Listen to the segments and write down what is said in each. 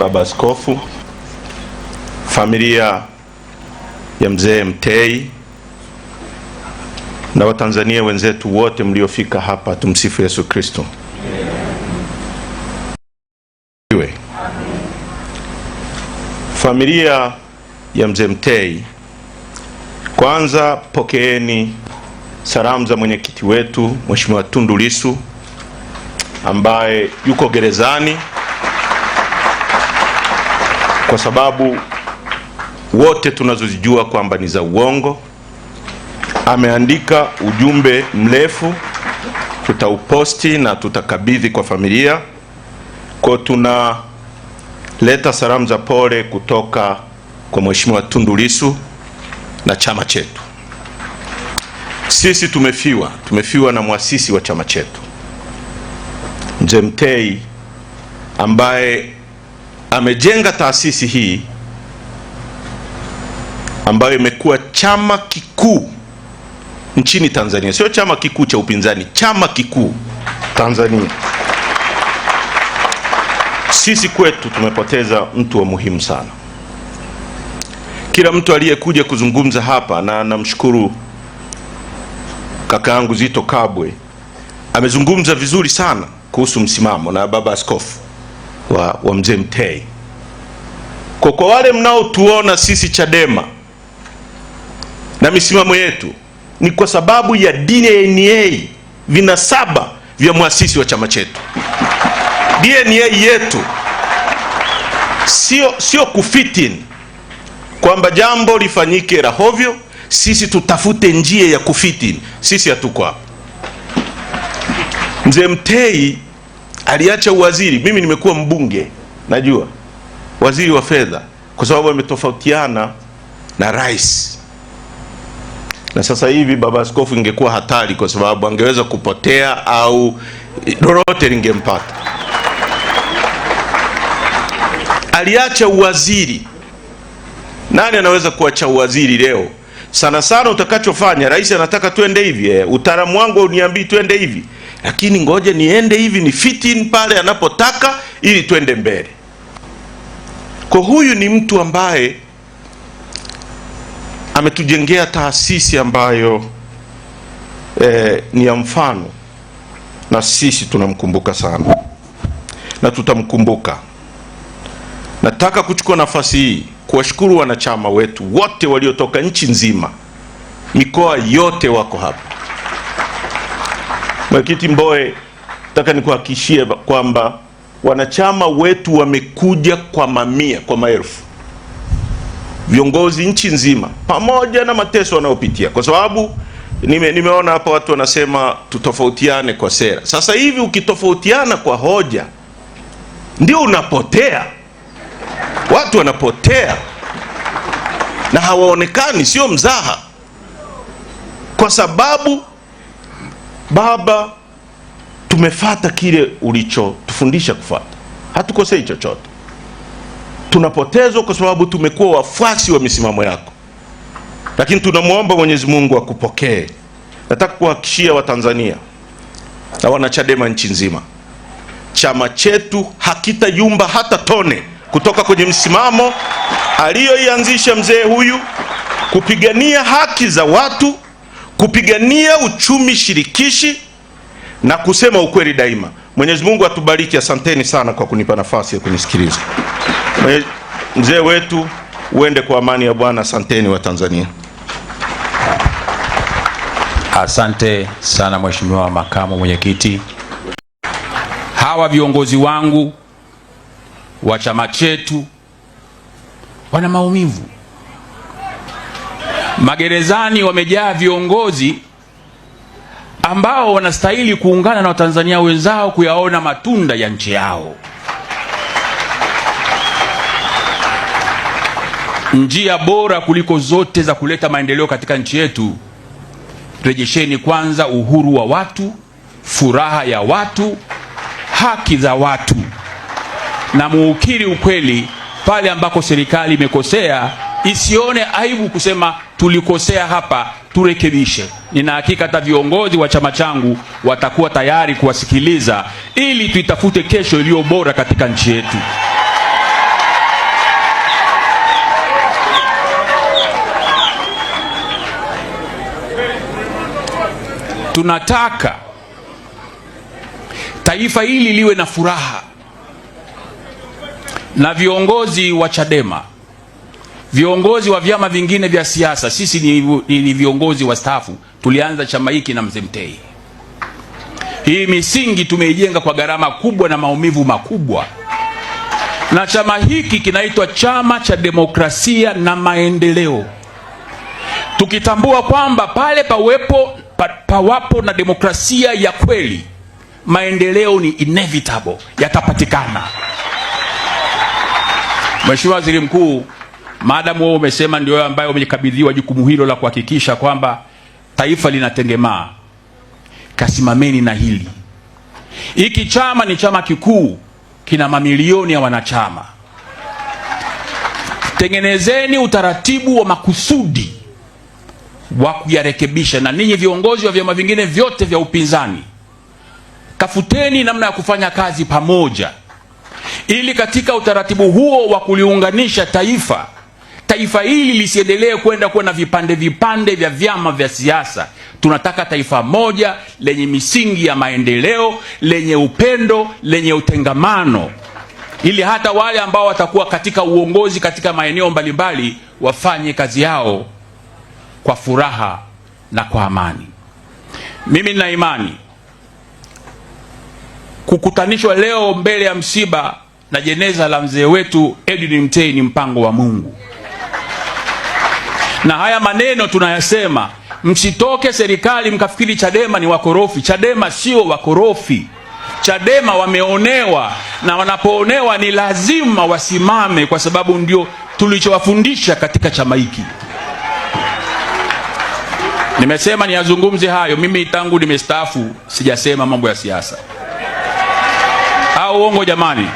baba askofu, familia ya mzee Mtei na Watanzania wenzetu wote mliofika hapa, tumsifu Yesu Kristo. familia ya mzee Mtei, kwanza pokeeni salamu za mwenyekiti wetu Mheshimiwa Tundu ambaye yuko gerezani kwa sababu wote tunazozijua kwamba ni za uongo. Ameandika ujumbe mrefu, tutauposti na tutakabidhi kwa familia kwa tunaleta salamu za pole kutoka kwa Mheshimiwa Tundu Lissu na chama chetu. Sisi tumefiwa, tumefiwa na mwasisi wa chama chetu Mzee Mtei ambaye amejenga taasisi hii ambayo imekuwa chama kikuu nchini Tanzania, sio chama kikuu cha upinzani, chama kikuu Tanzania. Sisi kwetu tumepoteza mtu wa muhimu sana. Kila mtu aliyekuja kuzungumza hapa, na namshukuru kaka yangu Zito Kabwe amezungumza vizuri sana kuhusu msimamo na baba askofu wa, wa mzee Mtei kwa kwa wale mnaotuona sisi Chadema na misimamo yetu ni kwa sababu ya DNA, vina saba vya mwasisi wa chama chetu. DNA yetu sio sio kufitin kwamba jambo lifanyike rahovyo, sisi tutafute njia ya kufitin. Sisi hatuko hapa. Mzee Mtei aliacha uwaziri, mimi nimekuwa mbunge, najua waziri wa fedha kwa sababu ametofautiana na rais. Na sasa hivi baba askofu ingekuwa hatari, kwa sababu angeweza kupotea au lolote lingempata. Aliacha uwaziri. Nani anaweza kuacha uwaziri leo? Sana sana utakachofanya rais anataka tuende hivi eh, utaalamu wangu uniambii tuende hivi, lakini ngoja niende hivi ni fit in pale anapotaka ili twende mbele. Kwa huyu ni mtu ambaye ametujengea taasisi ambayo eh, ni ya mfano, na sisi tunamkumbuka sana na tutamkumbuka. Nataka kuchukua nafasi hii kuwashukuru wanachama wetu wote waliotoka nchi nzima, mikoa yote wako hapa. Mwenyekiti mboe nataka nikuhakikishie kwamba Wanachama wetu wamekuja kwa mamia, kwa maelfu, viongozi nchi nzima, pamoja na mateso wanayopitia, kwa sababu nime, nimeona hapa watu wanasema tutofautiane kwa sera. Sasa hivi ukitofautiana kwa hoja ndio unapotea, watu wanapotea na hawaonekani, sio mzaha, kwa sababu baba, tumefata kile ulicho anatufundisha kufuata, hatukosei chochote. Tunapotezwa kwa sababu tumekuwa wafuasi wa misimamo yako, lakini tunamwomba Mwenyezi Mungu akupokee. Nataka kuhakikishia Watanzania na wanachadema nchi nzima, chama chetu hakitayumba hata tone kutoka kwenye msimamo aliyoianzisha mzee huyu, kupigania haki za watu, kupigania uchumi shirikishi na kusema ukweli daima. Mwenyezi Mungu atubariki. Asanteni sana kwa kunipa nafasi ya kunisikiliza. Mzee wetu uende kwa amani ya Bwana. Asanteni wa Tanzania. Asante sana Mheshimiwa makamu mwenyekiti. Hawa viongozi wangu wa chama chetu wana maumivu. Magerezani wamejaa viongozi ambao wanastahili kuungana na Watanzania wenzao kuyaona matunda ya nchi yao. Njia bora kuliko zote za kuleta maendeleo katika nchi yetu, rejesheni kwanza uhuru wa watu, furaha ya watu, haki za watu, na muukiri ukweli pale ambako serikali imekosea, isione aibu kusema tulikosea hapa turekebishe. Nina hakika hata viongozi wa chama changu watakuwa tayari kuwasikiliza ili tuitafute kesho iliyo bora katika nchi yetu. Tunataka taifa hili liwe na furaha, na viongozi wa Chadema Viongozi wa vyama vingine vya siasa, sisi ni, ni viongozi wastaafu, tulianza chama hiki na mzee Mtei. Hii misingi tumeijenga kwa gharama kubwa na maumivu makubwa, na chama hiki kinaitwa Chama cha Demokrasia na Maendeleo, tukitambua kwamba pale pawepo pa, pawapo na demokrasia ya kweli, maendeleo ni inevitable, yatapatikana. Mheshimiwa Waziri Mkuu maadamu wewe umesema ndio wewe ambaye umekabidhiwa jukumu hilo la kuhakikisha kwamba taifa linatengemaa, kasimameni na hili. Hiki chama ni chama kikuu, kina mamilioni ya wanachama. Tengenezeni utaratibu wa makusudi wa kuyarekebisha, na ninyi viongozi wa vyama vingine vyote vya upinzani, tafuteni namna ya kufanya kazi pamoja, ili katika utaratibu huo wa kuliunganisha taifa taifa hili lisiendelee kwenda kuwa na vipande vipande vya vyama vya siasa. Tunataka taifa moja lenye misingi ya maendeleo, lenye upendo, lenye utengamano, ili hata wale ambao watakuwa katika uongozi katika maeneo mbalimbali wafanye kazi yao kwa furaha na kwa amani. Mimi nina imani kukutanishwa leo mbele ya msiba na jeneza la mzee wetu Edwin Mtei ni mpango wa Mungu na haya maneno tunayasema, msitoke serikali mkafikiri Chadema ni wakorofi. Chadema sio wakorofi. Chadema wameonewa, na wanapoonewa ni lazima wasimame, kwa sababu ndio tulichowafundisha katika chama hiki. Nimesema niyazungumze hayo. Mimi tangu nimestaafu sijasema mambo ya siasa, au uongo jamani?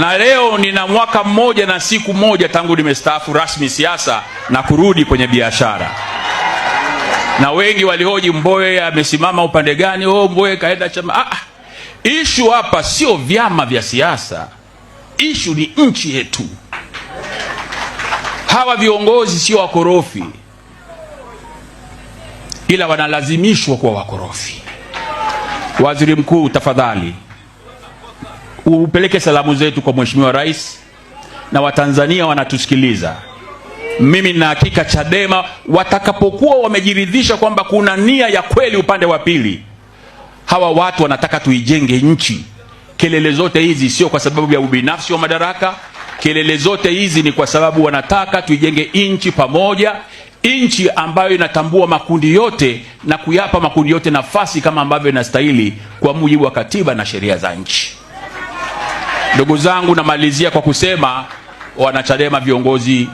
Na leo nina mwaka mmoja na siku moja tangu nimestaafu rasmi siasa na kurudi kwenye biashara. Na wengi walihoji Mbowe amesimama upande gani? Oh, Mbowe kaenda chama. Ah, ah, ishu hapa sio vyama vya siasa, ishu ni nchi yetu. Hawa viongozi sio wakorofi, ila wanalazimishwa kuwa wakorofi. Waziri Mkuu, tafadhali upeleke salamu zetu kwa Mheshimiwa Rais na Watanzania wanatusikiliza. Mimi nina hakika Chadema watakapokuwa wamejiridhisha kwamba kuna nia ya kweli upande wa pili, hawa watu wanataka tuijenge nchi. Kelele zote hizi sio kwa sababu ya ubinafsi wa madaraka. Kelele zote hizi ni kwa sababu wanataka tuijenge nchi pamoja, nchi ambayo inatambua makundi yote na kuyapa makundi yote nafasi kama ambavyo inastahili kwa mujibu wa katiba na sheria za nchi. Ndugu zangu, namalizia kwa kusema wanachadema, viongozi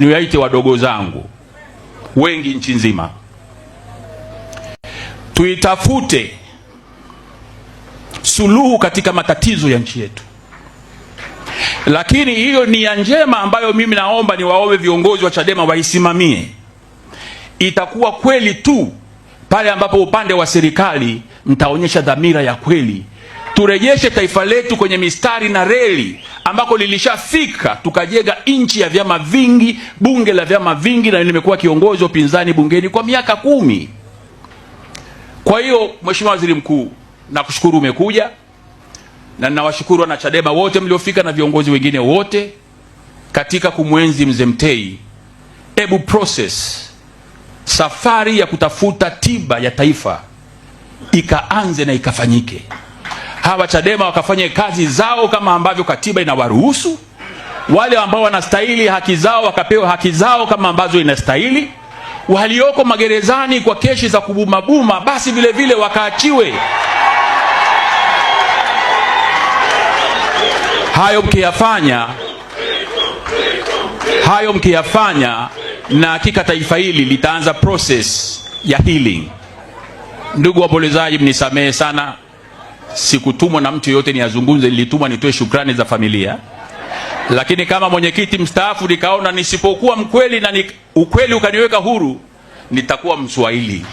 niwaite wadogo zangu wengi nchi nzima, tuitafute suluhu katika matatizo ya nchi yetu. Lakini hiyo ni ya njema ambayo mimi naomba niwaombe viongozi wa Chadema waisimamie itakuwa kweli tu pale ambapo upande wa serikali mtaonyesha dhamira ya kweli, turejeshe taifa letu kwenye mistari na reli ambako lilishafika tukajenga nchi ya vyama vingi, bunge la vyama vingi, na nimekuwa kiongozi wa upinzani bungeni kwa miaka kumi. Kwa hiyo Mheshimiwa Waziri Mkuu, nakushukuru umekuja, na ninawashukuru wana Chadema wote mliofika na viongozi wengine wote katika kumwenzi Mzee Mtei. Ebu process safari ya kutafuta tiba ya taifa ikaanze na ikafanyike hawa Chadema wakafanye kazi zao kama ambavyo katiba inawaruhusu, wale ambao wanastahili haki zao wakapewa haki zao kama ambazo inastahili, walioko magerezani kwa keshi za kubumabuma basi vile vile wakaachiwe. Hayo mkiyafanya, hayo mkiyafanya, na hakika taifa hili litaanza process ya healing. Ndugu waombolezaji, mnisamehe sana sikutumwa na mtu yeyote azungumze, nilitumwa nitoe shukrani za familia, lakini kama mwenyekiti mstaafu nikaona nisipokuwa mkweli na ni, ukweli ukaniweka huru nitakuwa Mswahili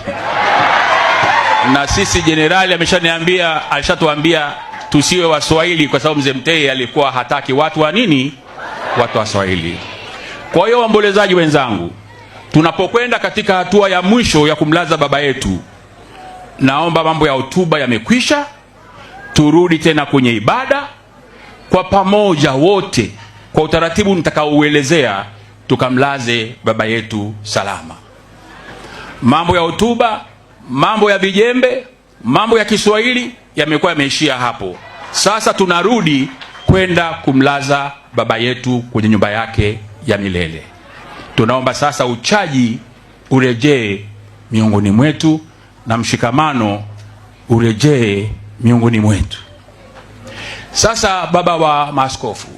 na sisi jenerali ameshaniambia alishatuambia tusiwe Waswahili kwa sababu mzee Mtei alikuwa hataki watu wa nini, watu Waswahili. Kwa hiyo waombolezaji wenzangu, tunapokwenda katika hatua ya mwisho ya kumlaza baba yetu, naomba mambo ya hotuba yamekwisha turudi tena kwenye ibada kwa pamoja wote, kwa utaratibu nitakaouelezea, tukamlaze baba yetu salama. Mambo ya hotuba, mambo ya vijembe, mambo ya Kiswahili yamekuwa yameishia hapo. Sasa tunarudi kwenda kumlaza baba yetu kwenye nyumba yake ya milele. Tunaomba sasa uchaji urejee miongoni mwetu na mshikamano urejee miongoni mwetu. Sasa baba wa maaskofu,